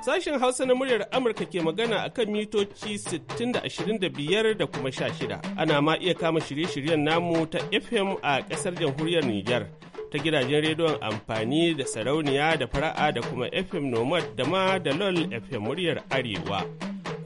Sashen Hausa na muryar Amurka ke magana a kan mitoci 60-25 da kuma 16. Ana ma iya kama shirye-shiryen namu ta FM a ƙasar jamhuriyar Nijar ta gidajen rediyon amfani da sarauniya da fara'a da kuma FM Nomad da ma da LOL FM muryar Arewa.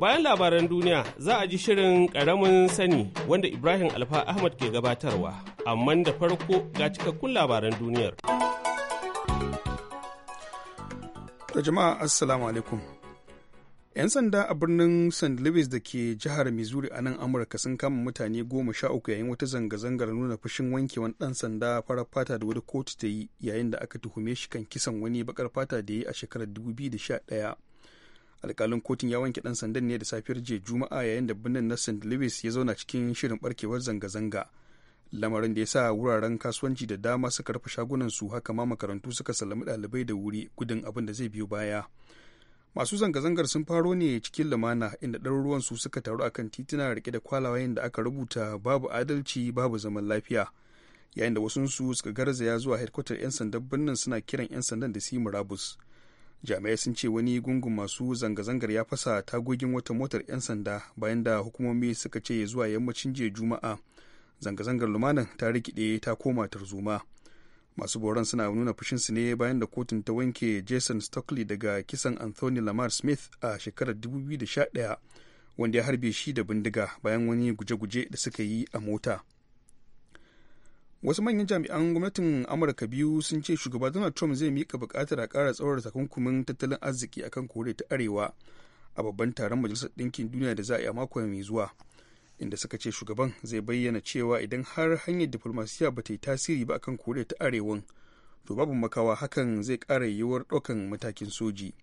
Bayan labaran duniya za a ji shirin ƙaramin sani wanda Ibrahim Alfa Ahmad ke gabatarwa, amma da farko ga cikakkun labaran duniyar. Da jama'a Assalamu alaikum. 'Yan sanda a birnin St. Louis da ke jihar Missouri a nan Amurka sun kama mutane goma sha uku yayin wata zanga-zangar nuna fushin wankewan ɗan sanda farar fata da wata kotu ta yi yayin da aka tuhume shi kan kisan wani bakar fata da ya yi a shekarar 2011. alkalin kotun ya wanke dan sandan ne da safiyar jiya juma'a yayin da birnin na st louis ya zauna cikin shirin barkewar zanga-zanga lamarin da ya sa wuraren kasuwanci da dama suka rufe shagunan su haka ma makarantu suka sallami ɗalibai da wuri gudun abin da zai biyo baya masu zanga-zangar sun faro ne cikin lumana inda ɗaruruwan su suka taru a kan tituna rike da kwalawayen da aka rubuta babu adalci babu zaman lafiya yayin da wasu su suka garzaya zuwa hedkwatar 'yan sandan birnin suna kiran 'yan sandan da su yi murabus jami'ai sun ce wani gungun masu zanga-zangar ya fasa tagogin wata motar 'yan sanda bayan da hukumomi suka ce zuwa yammacin jiya juma'a zanga-zangar lumanan ta rikide ta koma tarzoma masu boran suna nuna fushinsu ne bayan da kotun ta wanke jason stockley daga kisan anthony lamar smith a shekarar 2011 wanda ya harbe shi da bindiga bayan wani guje-guje da suka yi a mota. wasu manyan jami'an gwamnatin amurka biyu sun ce shugaba donald trump zai mika bukatar a kara tsawar takunkumin tattalin arziki akan kore ta arewa a babban taron majalisar ɗinkin duniya da za a yi a mako mai zuwa inda suka ce shugaban zai bayyana cewa idan har hanyar diplomasiya ba ta yi tasiri ba akan kore ta arewan to babu makawa hakan zai kara yiwuwar ɗaukan matakin soji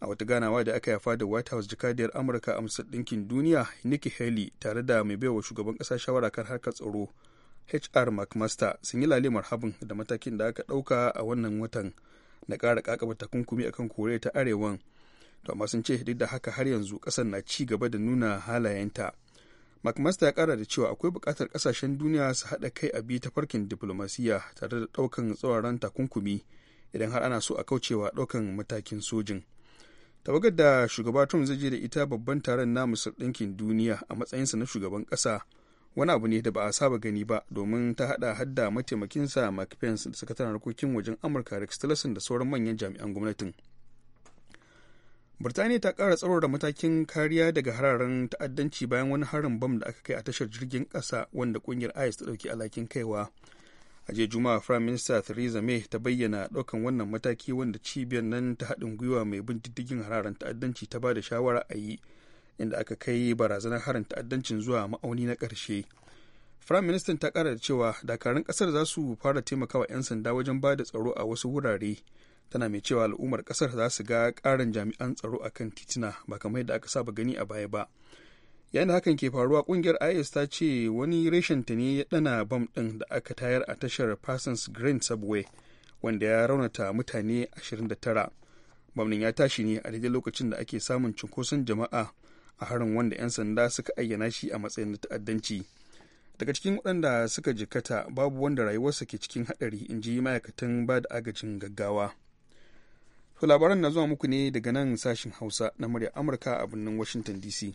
a wata ganawa da aka yafa da white house jakadiyar amurka a ɗinkin duniya nikki haley tare da mai baiwa shugaban ƙasa shawara kan harkar tsaro hr mcmaster sun yi lalimar habin da matakin da aka ɗauka a wannan watan na ƙara kakaba takunkumi akan koriya ta arewan to amma sun ce duk da haka har yanzu ƙasar na ci gaba da nuna halayenta mcmaster ya ƙara da cewa akwai buƙatar ƙasashen duniya su haɗa kai a bi ta farkin diflomasiyya tare da ɗaukan tsawaran takunkumi idan har ana so a kaucewa ɗaukan matakin sojin tawagar da shugaba trump zai je da ita babban taron na ɗinkin duniya a matsayinsa na shugaban ƙasa wani abu ne da ba a saba gani ba domin ta hada hadda mataimakinsa Mike Pence da sakataren harkokin wajen Amurka Rex Tillerson da sauran manyan jami'an gwamnatin. Birtaniya ta kara tsaro da matakin kariya daga hararen ta'addanci bayan wani harin bam da aka kai a tashar jirgin kasa wanda ƙungiyar IS ta dauki alhakin kaiwa. A jiya Juma'a Prime Minister Theresa May ta bayyana daukan wannan mataki wanda cibiyar nan ta haɗin gwiwa mai bin diddigin hararen ta'addanci ta ba da shawara a yi. inda aka kai barazanar harin ta'addancin zuwa ma'auni na ƙarshe firayim ministan ta ƙara da cewa dakarun ƙasar za su fara taimakawa 'yan sanda wajen ba da tsaro a wasu wurare tana mai cewa al'ummar ƙasar za su ga ƙarin jami'an tsaro a kan titina ba kamar yadda aka saba gani a baya ba yayin da hakan ke faruwa ƙungiyar is ta ce wani reshen ta ne ya ɗana bam ɗin da aka tayar a tashar parsons green subway wanda ya raunata mutane 29 bam ɗin ya tashi ne a daidai lokacin da ake samun cunkoson jama'a a harin wanda 'yan sanda suka ayyana shi a matsayin na ta'addanci daga cikin waɗanda suka jikata babu wanda rayuwarsa ke cikin haɗari in ji ma'aikatan ba da agajin gaggawa to labaran na zuwa muku ne daga nan sashin hausa na murya amurka a birnin washington dc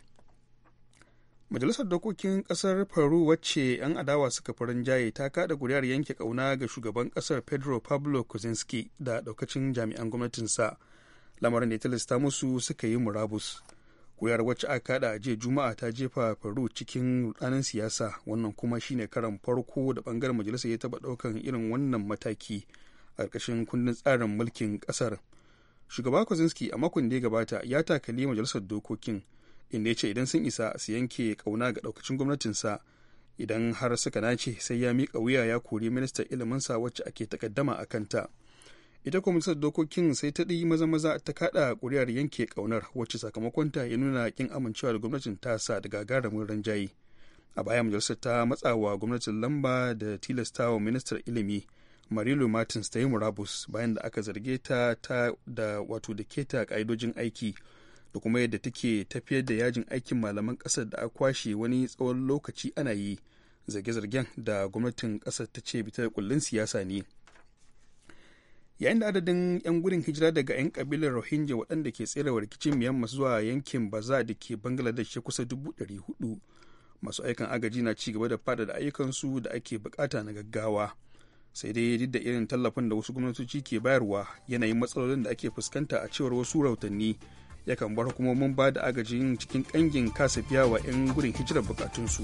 majalisar dokokin kasar peru wacce 'yan adawa suka farin jaye ta kada kuri'ar yanke kauna ga shugaban kasar pedro pablo kuzinski da daukacin jami'an gwamnatinsa lamarin da ya tilasta musu suka yi murabus kuri'ar wacce aka kada a jiya juma'a ta jefa faru cikin rudanin siyasa wannan kuma shine karan farko da bangaren majalisar ya taba daukan irin wannan mataki a ƙarƙashin kundin tsarin mulkin ƙasar shugaba kwazinski a makon da ya gabata ya takali majalisar dokokin inda ya ce idan sun isa su yanke kauna ga daukacin gwamnatinsa idan har suka nace sai ya miƙa wuya ya kori ministan sa wacce ake takaddama a kanta. ita kwamitar dokokin sai ta ɗi maza-maza ta kaɗa ƙuri'ar yanke ƙaunar wacce sakamakonta ya nuna kin amincewa da gwamnatin tasa da gagarumin ranjaye a baya majalisar ta matsawa gwamnatin lamba da tilastawa ministar ilimi marilu martins ta yi murabus bayan da aka zarge ta ta da wato da keta ƙa'idojin aiki da kuma yadda take tafiyar da yajin aikin malaman ƙasa da aka kwashe wani tsawon lokaci ana yi zarge-zargen da gwamnatin ƙasar ta ce bitar kullun siyasa ne yayin da adadin 'yan gudun hijira daga 'yan kabilar rohingya waɗanda ke tserewa rikicin myanmar zuwa yankin baza da ke bangladesh ya kusa 400 masu aikan agaji na ci gaba da ayyukansu da ake bukata na gaggawa sai dai duk da irin tallafin da wasu gwamnatoci ke bayarwa yanayin matsalolin da ake fuskanta a cewar wasu rautanni yakan bar hukumomin ba da agajin cikin kangin kasa biya wa 'yan gudun hijirar bukatunsu.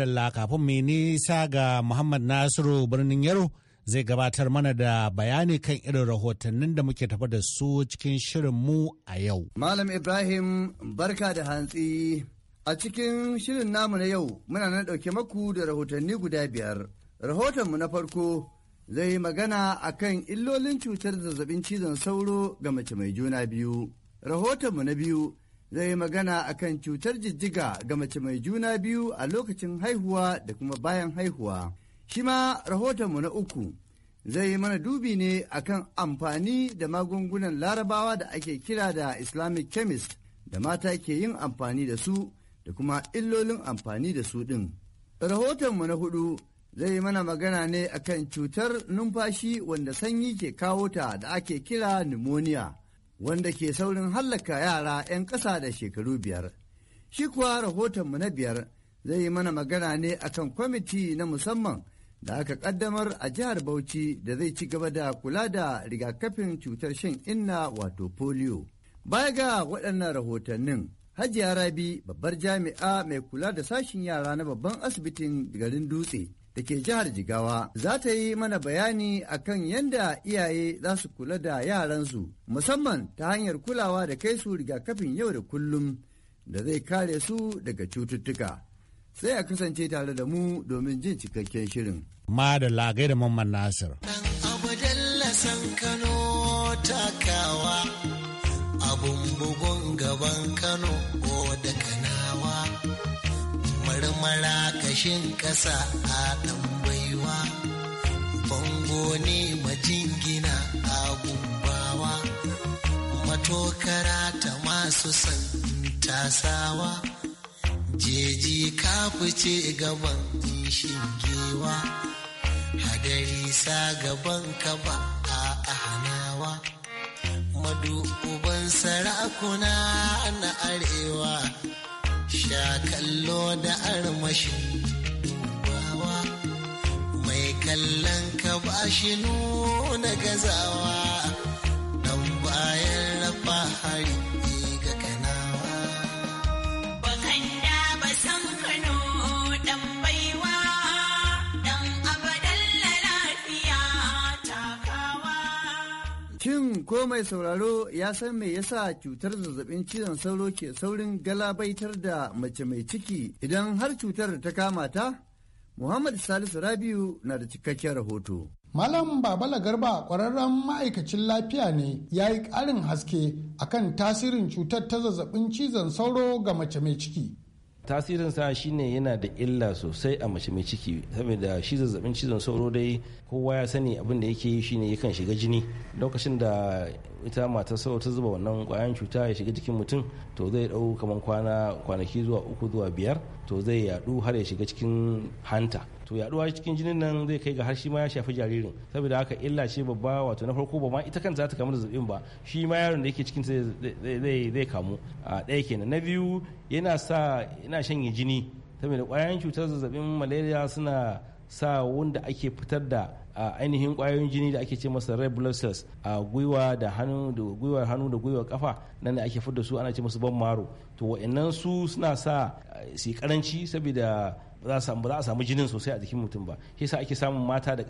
Allah kafin mai nisa ga Muhammad Nasiru birnin Yaro zai gabatar mana da bayani kan irin rahotannin da muke tafa da su cikin shirin mu a yau. Malam Ibrahim barka da hantsi. A cikin shirin namu na yau muna nan ɗauke maku da rahotanni guda biyar. Rahotonmu na farko zai yi magana a kan illolin cutar zazzabin cizon sauro ga mace mai juna biyu. Rahotonmu na biyu zai yi magana a kan cutar jijjiga ga mace mai juna biyu a lokacin haihuwa da kuma bayan haihuwa. Shi ma rahotonmu na uku zai yi mana dubi ne a kan amfani da magungunan larabawa da ake kira da Islamic chemist da mata ke yin amfani da su da kuma illolin amfani da su ɗin. Rahotonmu na hudu zai yi mana magana ne a kan cutar numfashi wanda sanyi ke kawo ta da ake kira pneumonia. wanda ke saurin hallaka yara 'yan ƙasa da shekaru biyar. Shi kuwa rahotonmu na biyar zai yi mana magana ne akan kwamiti na musamman da aka ƙaddamar a jihar Bauchi da zai ci gaba da kula da rigakafin cutar shan inna wato polio. Baya ga waɗannan rahotannin, Hajiya Rabi babbar jami'a mai kula da sashin yara na babban asibitin garin Dutse. da ke jihar Jigawa za ta yi mana bayani akan yadda iyaye za su kula da yaransu musamman ta hanyar kulawa da kai su rigakafin yau da kullum da zai kare su daga cututtuka. Sai a kasance tare da mu domin jin cikakken shirin. Ma da lagai da Mamman Nasir. Kano takawa abun bugun gaban Kano marakashin ƙasa a tambaiwa bango ne majingina a gumbawa matokara ta masu san tasawa jeji kafice gaban shingewa hadari sa gaban kaba a ahanawa madu uban sarakuna na arewa sha kallo da armashin dubawa mai kallon ka bashi nuna gazawa ko mai sauraro ya san me yasa cutar zazzabin cizon sauro ke saurin galabaitar da mace mai ciki idan har cutar ta kama ta? Muhammad Salisu Rabiu na da cikakken rahoto. Malam Babala Garba ƙwararren ma'aikacin lafiya ne ya yi ƙarin haske akan tasirin cutar ta zazzabin cizon sauro ga mace mai ciki. tasirin shi shine yana da illa sosai a mace mai ciki saboda shi zazzabin cizon sauro dai kowa ya sani abin da yake yi shine yakan shiga jini lokacin da ita mata sauro ta zuba wannan kwayan cuta ya shiga jikin mutum to zai dau kamar kwana kwanaki zuwa uku zuwa biyar to zai yadu har ya shiga cikin hanta to yaduwa cikin jinin nan zai kai ga har shi ma ya shafi jaririn saboda haka illa ce babba wato na farko ba ma ita kan za ta kamu da zazzabin ba shi ma yaron da yake cikin zai zai kamu a ɗaya kenan na biyu yana sa yana shanye jini saboda ƙwayoyin cutar zazzabin malaria suna sa wanda ake fitar da a ainihin ƙwayoyin jini da ake ce masa red blood cells a gwiwa da hannu da gwiwa hannu da gwiwa kafa nan da ake da su ana ce masu ban maro to wa'annan su suna sa su karanci saboda za a samu jinin sosai a jikin mutum ba shi yasa ake samun mata da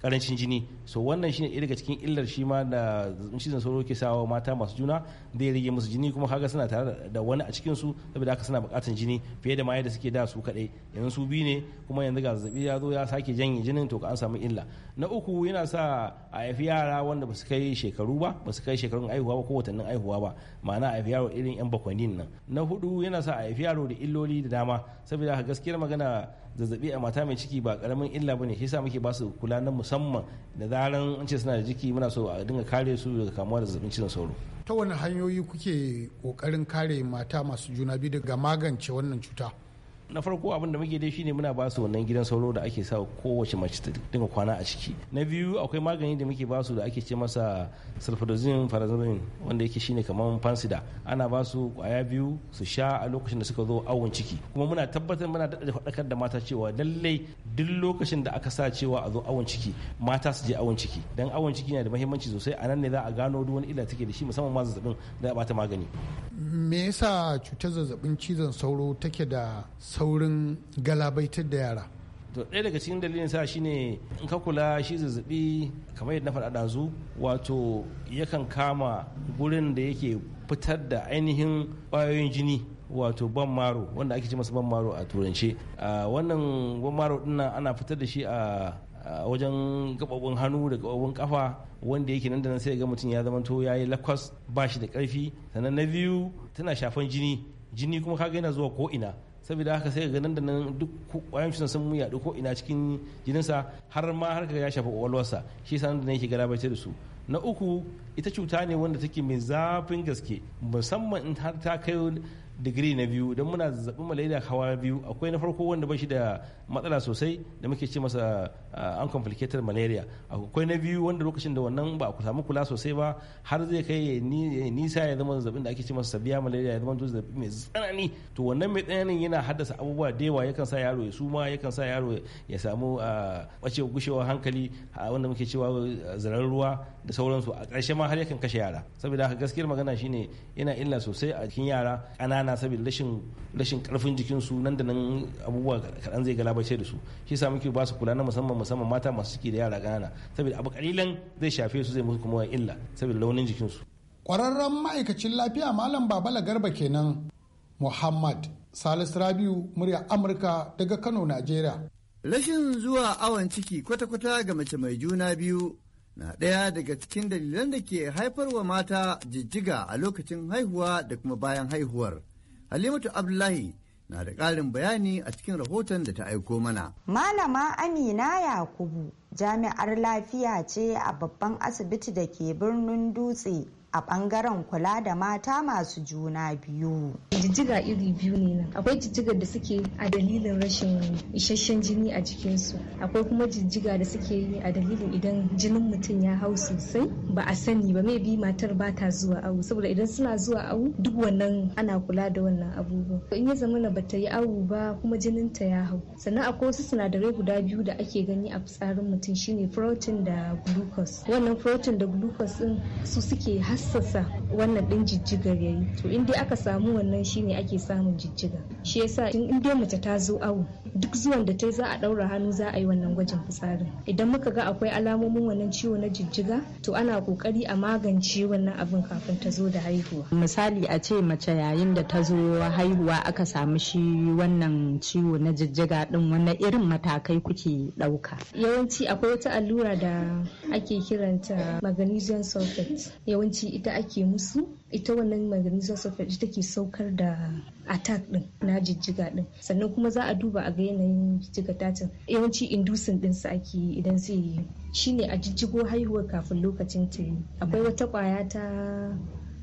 karancin jini so wannan shine ɗaya daga cikin illar shi ma da cizon sauro ke sawa mata masu juna zai rage musu jini kuma kaga suna tare da wani a cikin su saboda haka suna buƙatar jini fiye da ma yadda suke da su kaɗai yanzu su biyu ne kuma yanzu ga zazzabi ya zo ya sake janye jinin to ka an samu illa na uku yana sa a haifi yara wanda ba su kai shekaru ba ba su kai shekarun aihuwa ba ko watannin aihuwa ba ma'ana a haifi yaro irin yan bakwani nan na hudu yana sa a haifi yaro da illoli da dama saboda haka gaskiyar magana zazzabi a mata mai ciki ba karamin illa bane shi yasa muke ba su kula na musamman da zaran an ce suna da jiki muna so a dinga kare su daga kamuwa da zazzabin cizon sauro ta wani hanyoyi kuke kokarin kare mata masu juna biyu daga magance wannan cuta na farko abin da muke dai shine muna ba su wannan gidan sauro da ake sa kowace mace ta dinga kwana a ciki na biyu akwai magani da muke ba su da ake ce masa sulfadozin farazin wanda yake shine kamar fansida ana ba su kwaya biyu su sha a lokacin da suka zo awon ciki kuma muna tabbatar muna da faɗakar da mata cewa lallai duk lokacin da aka sa cewa a zo awon ciki mata su je awon ciki dan awon ciki yana da mahimmanci sosai a nan ne za a gano duk wani illa take da shi musamman ma zazzabin da ya bata magani me yasa cutar zazzabin cizon sauro take da saurin galabaitar da yara to ɗaya daga cikin dalilin sa shine in ka kula shi zazzabi kamar yadda na faɗa ɗazu wato yakan kama gurin da yake fitar da ainihin ƙwayoyin jini wato ban maro wanda ake ce masa ban maro a turance wannan ban maro dinnan ana fitar da shi a wajen gababin hannu da gababin kafa wanda yake nan da nan sai ga mutum ya zamanto ya yi lakwas ba shi da ƙarfi sannan na biyu tana shafan jini jini kuma kaga yana zuwa ko ina saboda haka sai ga nan da nan duk kwayan cutar sun mu yaɗu ko ina cikin jininsa har ma har ya shafa kwakwalwarsa shi yasa da yake galabaita da su na uku ita cuta ne wanda take mai zafin gaske musamman in har ta kai digiri na biyu don muna zazzabin malaria hawa biyu akwai na farko wanda ba shi da matsala sosai da muke ce masa uh, complicated malaria akwai na biyu wanda lokacin da wannan ba a samu kula sosai ba har zai kai nisa ya zama zazzabin da ake ce masa sabiya malaria ya zama zazzabi mai tsanani to wannan mai tsananin yana haddasa abubuwa da yawa yakan sa yaro ya suma yakan sa yaro ya samu bacewa uh, gushewar hankali a wanda muke cewa uh, zaren ruwa da sauransu a ƙarshe ma har yakan kashe yara saboda haka gaskiyar magana shine yana illa sosai a cikin yara ƙanana saboda rashin rashin ƙarfin jikinsu nan da nan abubuwa kaɗan zai galabace da su shi yasa muke ba su kula na musamman musamman mata masu ciki da yara ƙanana saboda abu ƙalilan zai shafe su zai musu kuma illa saboda launin su ƙwararren ma'aikacin lafiya malam babala garba kenan muhammad salisu rabiu murya amurka daga kano najeriya rashin zuwa awon ciki kwata-kwata ga mace mai juna biyu na ɗaya daga cikin dalilan da ke haifarwa mata jijjiga a lokacin haihuwa da kuma bayan haihuwar. Halimatu Abdullahi na da ƙarin bayani a cikin rahoton da ta aiko mana. Malama Amina Yakubu jami'ar lafiya ce a babban asibiti da ke birnin Dutse a bangaren kula da mata masu juna biyu. Jijjiga iri biyu ne nan. Akwai jijjigar da suke a dalilin rashin isasshen jini a jikinsu. Akwai kuma jijjiga da suke yi a dalilin idan jinin mutum ya hau sosai ba a sani ba mai bi matar ba ta zuwa awu saboda idan suna zuwa awu duk wannan ana kula da wannan abubuwa. In ya zama na bata yi awu ba kuma jinin ta ya hau. Sannan akwai wasu sinadarai guda biyu da ake gani a fitsarin mutum shine protein da glucose. Wannan protein da glucose din su suke has sassasa wannan din jijjigar ya yi to in dai aka samu wannan shine ake samun jijjiga shi yasa in dai mace ta zo awo duk zuwan da ta za a daura hannu za a yi wannan gwajin fitsarin idan muka ga akwai alamomin wannan ciwo na jijjiga to ana kokari a magance wannan abin kafin ta zo da haihuwa misali a ce mace yayin da ta zo haihuwa aka samu shi wannan ciwo na jijjiga din wannan irin matakai kuke ɗauka. yawanci akwai wata allura da ake kiranta magnesium sulfate yawanci ita ake musu ita wannan maganin sulfate ita ke saukar da attack din na jijjiga din sannan kuma za a duba a ga yanayin jijjiga tatin yawanci inducing din sa ake idan zai yi shine a jijjigo haihuwar kafin lokacin ta yi akwai wata kwaya ta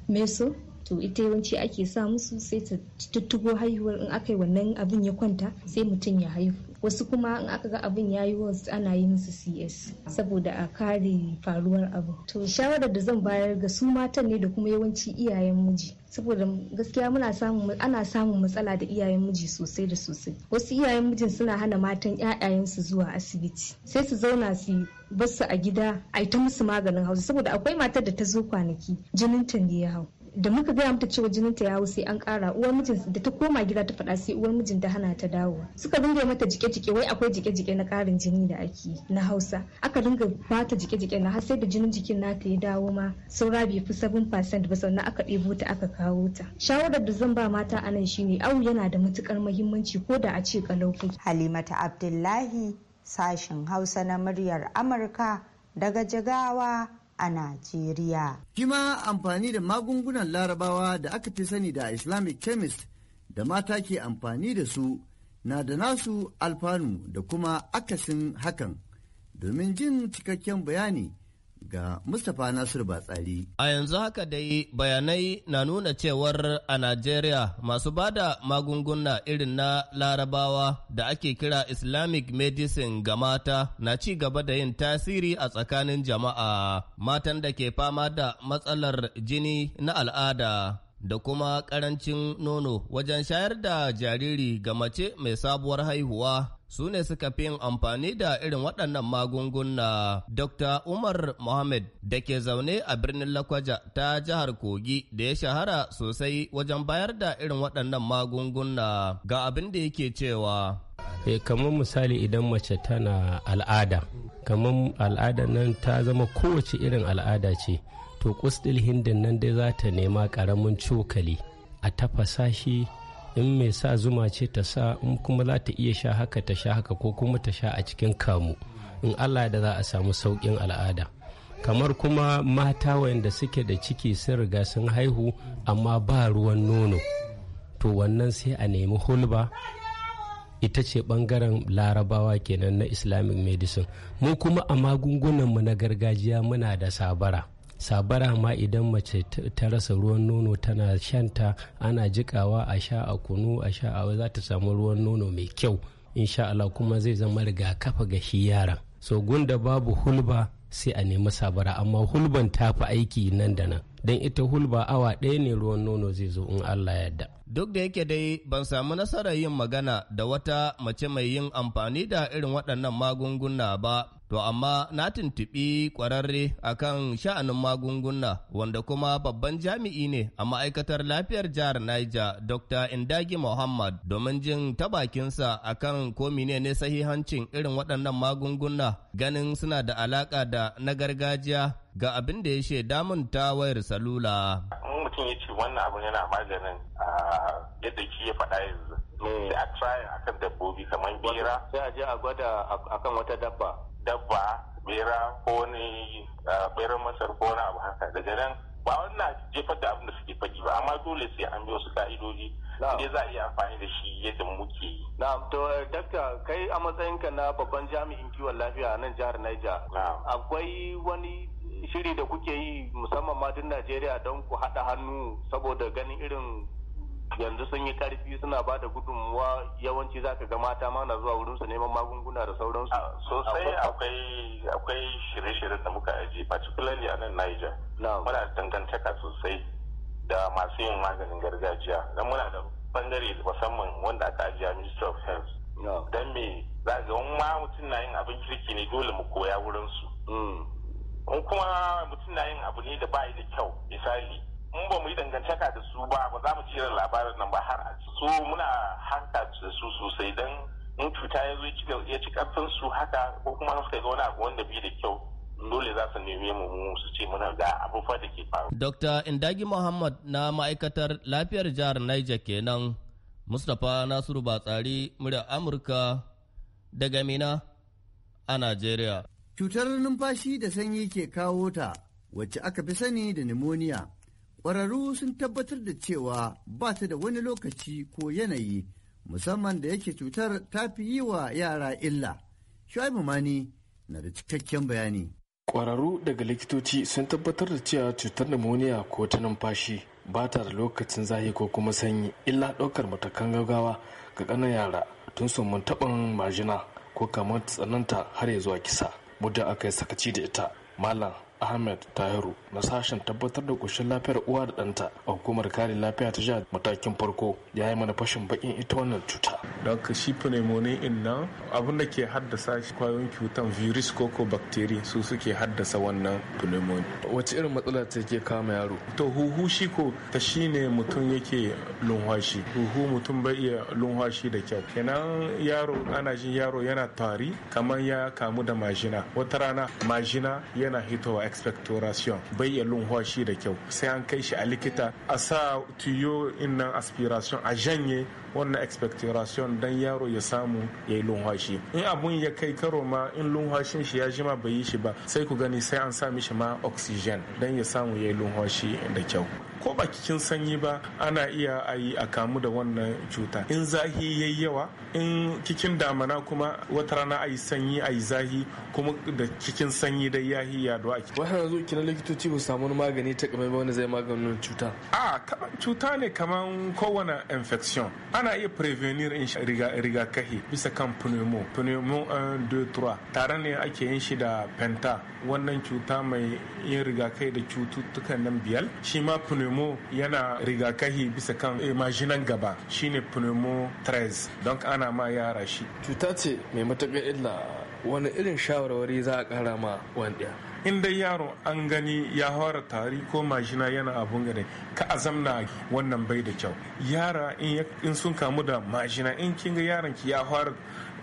meso to ita yawanci ake sa musu sai ta tuttugo haihuwar in aka yi wannan abin ya kwanta sai mutum ya haihu wasu kuma in aka ga abin yayi yi wasu ana yi musu cs saboda a kare faruwar abu to shawarar da zan bayar ga su matan ne da kuma yawanci iyayen miji saboda gaskiya muna samun ana samun matsala da iyayen miji sosai da sosai wasu iyayen mijin suna hana matan su zuwa asibiti sai su zauna su basu a gida a ta musu maganin hausa saboda akwai matar da ta zo kwanaki jinin ta ne ya hau da muka gaya mata cewa jinin ta ya hau sai an kara uwar mijin da ta koma gida ta faɗa sai uwar mijin ta hana ta dawo suka dinga mata jike-jike wai akwai jike-jike na karin jini da ake na Hausa aka dinga bata jike-jike na har sai da jinin jikin nata ya dawo ma saura bai fi 7% ba sannan aka ɗebo ta aka kawo ta shawarar da zan ba mata a nan shine awu yana da matukar muhimmanci ko da a ce kalau Halimata Abdullahi sashen Hausa na muryar Amurka daga Jigawa a Najeriya. Kima amfani da magungunan larabawa da aka fi sani da Islamic chemist da mata ke amfani da su na da nasu alfanu da kuma akasin hakan. Domin jin cikakken bayani ga Mustapha Nasiru Batsari. A yanzu haka dai bayanai na nuna cewar a Najeriya masu bada magunguna irin na larabawa da ake kira Islamic medicine ga mata na ci gaba da yin tasiri a tsakanin jama'a matan da ke fama da matsalar jini na al'ada. Da kuma ƙarancin nono wajen shayar da jariri ga mace mai sabuwar haihuwa su ne suka fi yin amfani da irin waɗannan magunguna. Dr. Umar Mohammed da ke zaune a birnin Lakwaja ta jihar Kogi da ya shahara sosai wajen bayar da irin waɗannan magunguna ga abin da yake cewa. E, kamar misali idan mace tana al'ada, kamar al'ada nan ta zama kowace irin al'ada ce, to kusdil hindin nan dai za ta nema ƙaramin cokali a tafasa in mai sa zuma ce ta sa in kuma za ta iya sha haka ta sha haka ko kuma ta sha a cikin kamu in allah da za a samu saukin al'ada kamar kuma mata wayanda suke da ciki sun riga sun haihu amma ba ruwan nono to wannan sai a nemi hulba ita ce bangaren larabawa kenan na islamic medicine mu kuma a magungunanmu na gargajiya muna da sabara sabara ma idan mace ta rasa ruwan nono tana shanta ana jikawa a sha a kunu a sha a za ta samu ruwan nono mai kyau insha Allah kuma zai zama rigakafa ga shi yaran so gunda babu hulba sai a nemi sabara amma hulban ta fi aiki nan da nan don ita hulba awa ɗaya ne ruwan nono zai zo in Allah yadda. Duk da yake dai ban samu nasarar yin magana da wata mace mai yin amfani da irin waɗannan magunguna ba, to amma na tuntuɓi ƙwararre akan sha'anin magunguna wanda kuma babban jami'i ne a ma'aikatar lafiyar jihar Niger Dr. Indagi Muhammad domin jin ta bakinsa akan ko ne sahihancin irin waɗannan magunguna ganin suna da alaƙa da na gargajiya ga abin da ya shaida mun ta salula. Oh, mutum ya ce wannan abin yana maganin a yadda ki ya faɗa yanzu eh. sai a try kan dabbobi kamar bera sai a je a gwada a kan wata dabba dabba bera ko wani beran masar ko wani abu haka daga nan ba wannan jefar da abin da suke faɗi ba amma dole sai an biyo su ka'idoji ne za a iya amfani da shi yadda muke yi. Na'am to eh, dakta kai a matsayinka na babban jami'in kiwon lafiya a nan jihar Niger. Akwai wani shiri da kuke yi musamman madin Najeriya don ku haɗa hannu saboda ganin irin yanzu sun yi karfi suna ba da gudunmuwa yawanci za ka ga mata ma na zuwa wurinsu neman magunguna da sauransu. sosai akwai akwai shirye-shirye da muka aji particularly a nan Niger. Muna dangantaka sosai da masu yin maganin gargajiya. Dan muna da bangare musamman wanda Dr. Indagi Muhammad na ma'aikatar lafiyar jihar Niger kenan, Mustapha Nasiru Batsari murya Amurka daga Mina a Najeriya. Cutar numfashi da sanyi ke kawo ta, wacce aka fi sani da pneumonia. Ƙwararru sun tabbatar da cewa ba ta da wani lokaci ko yanayi, musamman da yake cutar ta fi yi wa yara illa. Shuaibu Mani na da cikakken bayani. kwararru daga likitoci sun tabbatar da cewa cutar pneumonia ko ta numfashi ba ta da lokacin zahi ko kuma sanyi illa ɗaukar matakan gaggawa ga ƙanan yara tun mun taɓin majina ko kamar tsananta har ya zuwa kisa muddin aka yi sakaci da ita malam ahmed tahiru na sashen tabbatar da ƙoshin lafiyar uwa da ɗanta a hukumar kare lafiya ta jihar matakin farko ya yi mana fashin bakin ita wannan cuta don ka shi pneumonia in nan abin da ke haddasa shi kwayoyin cutan virus ko ko bacteria su suke haddasa wannan pneumonia wace irin matsala ce ke kama yaro to huhu shi ko ta shine mutum yake lunwashi huhu mutum bai iya lunwashi da kyau kenan yaro ana jin yaro yana tari kamar ya kamu da majina wata rana majina yana hitowa expectoration bai ya lunhuwa da kyau sai an kai shi a likita a sa tuyo innan aspiration a janye wannan expectoration dan yaro ya samu ya yi lunwashi in abun ya kai karo ma in lunwashin shi ya ji ma bai yi shi ba sai ku gani sai an sa mishi ma oxygen dan ya samu ya yi lunwashi da kyau ko ba cikin sanyi ba ana iya a yi a kamu da wannan cuta in zahi ya yi yawa in cikin damana kuma wata rana a yi sanyi a yi zahi kuma da cikin sanyi da ya yi yaduwa a cikin wahala zuwa kina likitoci ba samu magani ta kamar wani zai maganin cuta a cuta ne kamar kowane infection ana iya prevenir in rigakafi bisa kan pneumo pneumo 1 2 3 tare ne ake yin shi da penta wannan cuta mai yin rigakafi da cututtukan nan biyar shi ma pneumo pneumo yana rigakahi bisa kan eh, majinan gaba shine pneumo 13 don ana ma yara shi cuta ce mai matuƙar illa wani irin shawarwari za a kara ma wanda in dai yaro an gani ya hawara tari ko majina yana abun gane ka azamna wannan bai da kyau yara in sun kamu da majina in kin ga yaron ki ya hawara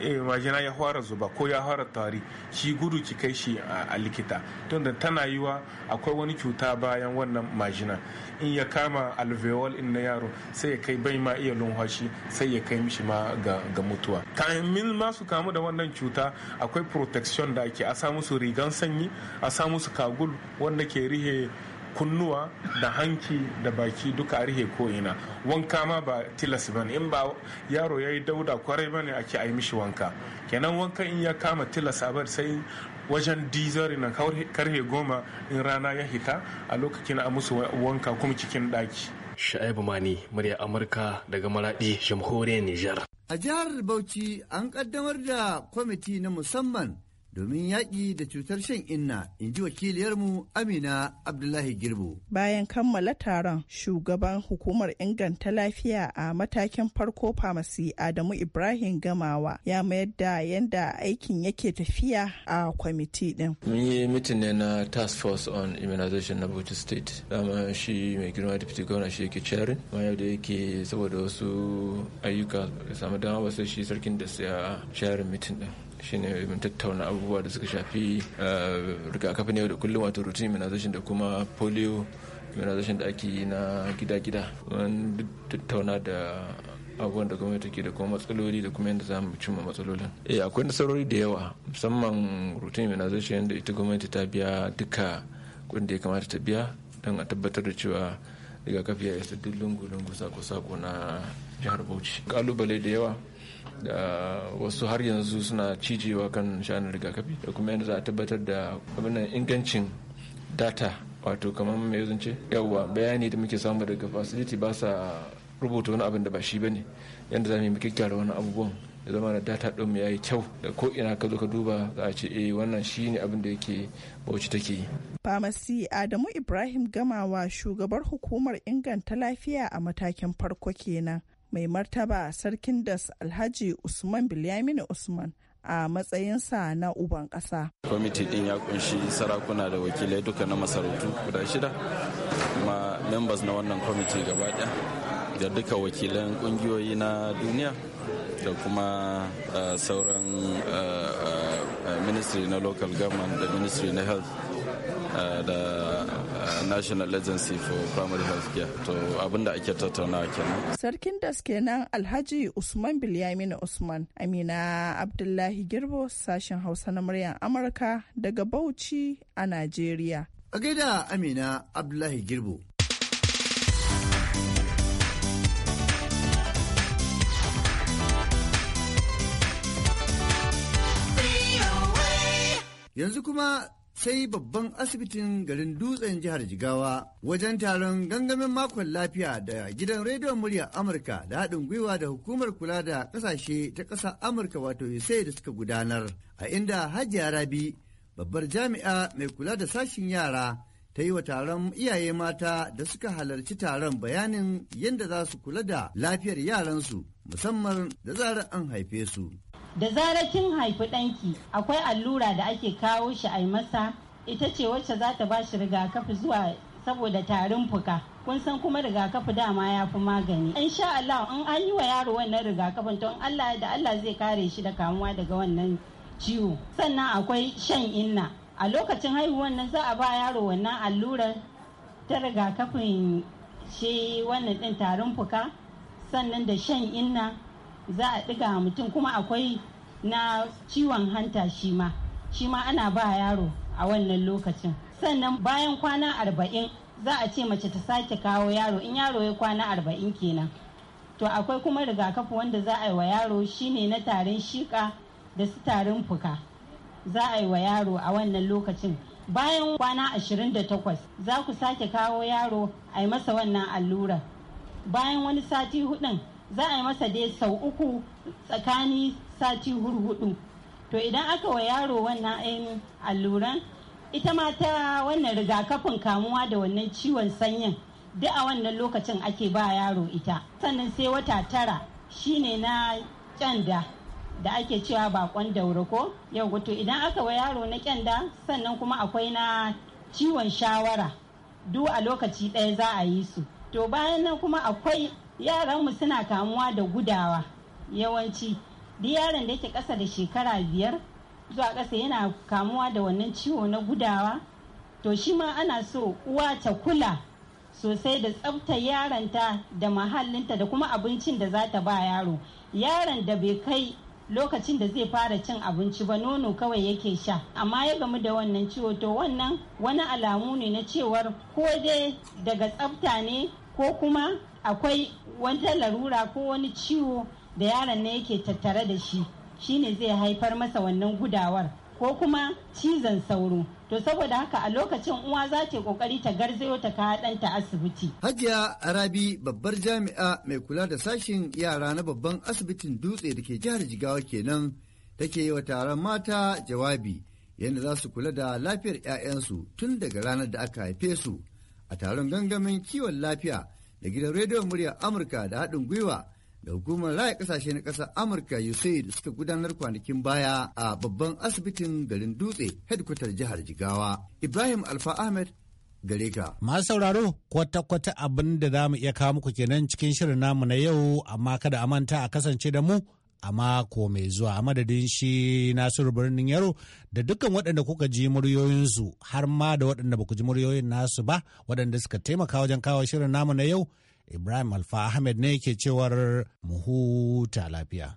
Eh, majina ya fara zuba ko ya fara tari shi gudu ki kai shi a likita tunda tana yiwa akwai wani cuta bayan wannan majina in ya kama alveol in na yaro sai ya kai bai ma iya lumfashi sai ya kai mishi ma ga mutuwa kamin ma su kamu da wannan cuta akwai protection da ake a samu su rigan sanyi a samu su kagul wanda ke rihe kunnuwa da hanki da baki duka arhe rihe ko ina wanka ma ba tilas bane in ba yaro ya yi dauda kwarai ba ne ake ai mishi wanka kenan wanka in ya kama tilas a bar sai wajen dizari na karhe goma in rana ya hita a lokacin a musu wanka kuma cikin daki Sha'ibu Mani, murya Amurka daga Maraɗi, jamhuriyar Nijar. A jihar Bauchi an ƙaddamar da kwamiti na musamman domin yaƙi da cutar shan inna in ji wakiliyarmu amina abdullahi girbo bayan kammala taron shugaban hukumar inganta lafiya a matakin farko famasi adamu ibrahim gamawa ya mayar da yadda aikin yake tafiya a kwamiti din mun yi mitin ne na task force on immunization na bauchi state dama shi mai girma fiti governor shi yake chairing ma yau da yake saboda wasu ayyuka samu dama wasu shi sarkin da siya chairing mitin din shine mun tattauna abubuwa da suka shafi eh, rigakafi ne da kullum wato routine immunization da kuma polio immunization da ake yi na gida-gida tattauna da abubuwan da gwamnati ke da kuma matsaloli da kuma yadda za mu cimma matsalolin. Eh akwai nasarori da yawa musamman routine immunization da ita gwamnati ta biya duka kudin da ya kamata ta biya don a tabbatar da cewa rigakafi ya isa duk lungu-lungu sako-sako na jihar Bauchi. Kalubale da yawa da wasu har yanzu suna cijewa kan shanin rigakafi da kuma yadda za a tabbatar da wannan ingancin data wato kamar mai zance yawwa bayani da muke samu daga fasiliti ba sa rubuta wani abin da ba shi bane yadda za mu yi gyara wani abubuwan ya zama da data ɗin mu yayi kyau da ko ina ka zo ka duba za a ce eh wannan shine abin da yake bauchi take yi Famasi Adamu Ibrahim Gamawa shugabar hukumar inganta lafiya a matakin farko kenan mai martaba sarkin das alhaji usman bilyamini usman a matsayinsa na uban ƙasa. kwamiti din ya kunshi sarakuna da wakilai duka na masarautu guda shida kuma members na wannan kwamiti gaba ɗaya da duka wakilan ƙungiyoyi na duniya da kuma eh, sauran eh, eh, ministry na local government da ministry na health Uh, da uh, national agency for primary health care to abinda ake tattaunawa kenan sarkin das kenan alhaji usman bilyamin usman amina abdullahi girbo sashen hausa na muryar amurka daga bauchi a najeriya a gaida amina abdullahi girbo yanzu kuma sai babban asibitin garin dutsen jihar Jigawa wajen taron gangamin makon lafiya da gidan rediyon murya Amurka da haɗin gwiwa da hukumar kula da ƙasashe ta ƙasa Amurka wato sai da suka gudanar a inda Hajiya Rabi babbar jami'a mai kula da sashin yara ta yi wa taron iyaye mata da suka halarci taron bayanin yadda za su kula da lafiyar yaransu musamman da zarar an haife su. da zarar kin haifi ɗanki akwai allura da ake kawo shi a masa ita ce wacce za ta ba shi rigakafi zuwa saboda tarin fuka kun san kuma rigakafi dama ya fi magani in sha Allah in an yi wa yaro wannan rigakafin to Allah da Allah zai kare shi da kamuwa daga wannan ciwo sannan akwai shan inna a lokacin haihuwan nan za a ba yaro wannan allurar ta rigakafin shi wannan din tarin fuka sannan da shan inna za a ɗiga mutum kuma akwai na ciwon hanta shi ma shi ma ana ba yaro a wannan lokacin sannan bayan kwana arba'in za a ce mace ta sake kawo yaro in yaro ya kwana arba'in kenan to akwai kuma rigakafi wanda za a yi wa yaro shine na tarin shika da su tarin fuka za a yi wa yaro a wannan lokacin bayan kwana ashirin da takwas. za ku sake kawo yaro a yi masa wannan allura bayan wani sati hudun za a yi masa dai sau uku tsakani sati hurhudu to idan aka wa yaro wannan ainihin alluran ita ma ta wannan rigakafin kamuwa da wannan ciwon sanyin duk a wannan lokacin ake ba yaro ita sannan sai wata tara shine na kyanda da ake cewa bakon daure ko yau wato idan aka wa yaro na kyanda sannan kuma akwai na ciwon shawara duk a lokaci ɗaya za a yi su to bayan nan kuma akwai yaranmu suna kamuwa da gudawa yawanci duk yaron da yake ƙasa da shekara biyar zuwa ƙasa yana kamuwa da wannan ciwo na gudawa to shi ma ana so uwa ta kula sosai da tsabtar yaronta da mahallinta da kuma abincin da za ta ba yaro yaron da bai kai lokacin da zai fara cin abinci ba nono kawai yake sha amma ya gamu da wannan ciwo to wannan wani alamu ne na cewar ko dai daga tsabta ne ko kuma akwai wata larura ko wani ciwo da yaron na yake tattare da shi shi ne zai haifar masa wannan gudawar ko kuma cizon sauro to saboda haka a lokacin uwa za ta kokari ta garzayo ta kawo ɗanta asibiti. Hajiya arabi babbar jami'a mai kula da sashen yara na babban asibitin dutse da ke jihar Jigawa kenan take yi wa taron mata jawabi yadda za su kula da lafiyar 'ya'yansu tun daga ranar da aka haife su a taron gangamin kiwon lafiya da gidan rediyon muryar Amurka da haɗin gwiwa da hukumar raya kasashe na ƙasar Amurka USAID suka gudanar kwanakin baya a babban asibitin garin Dutse, hedkwatar jihar Jigawa. Ibrahim Alfa Ahmed gare ka. Masu sauraro kwata-kwata abin da za mu iya kawo muku kenan cikin shirin namu na yau amma kada a manta a kasance da mu a mako mai zuwa a madadin shi nasiru birnin yaro da dukkan waɗanda kuka ji muryoyinsu har ma da waɗanda baku ji muryoyin nasu ba waɗanda suka taimaka wajen kawo shirin namu na yau ibrahim alfa ahmed ne ke cewar mu huta lafiya.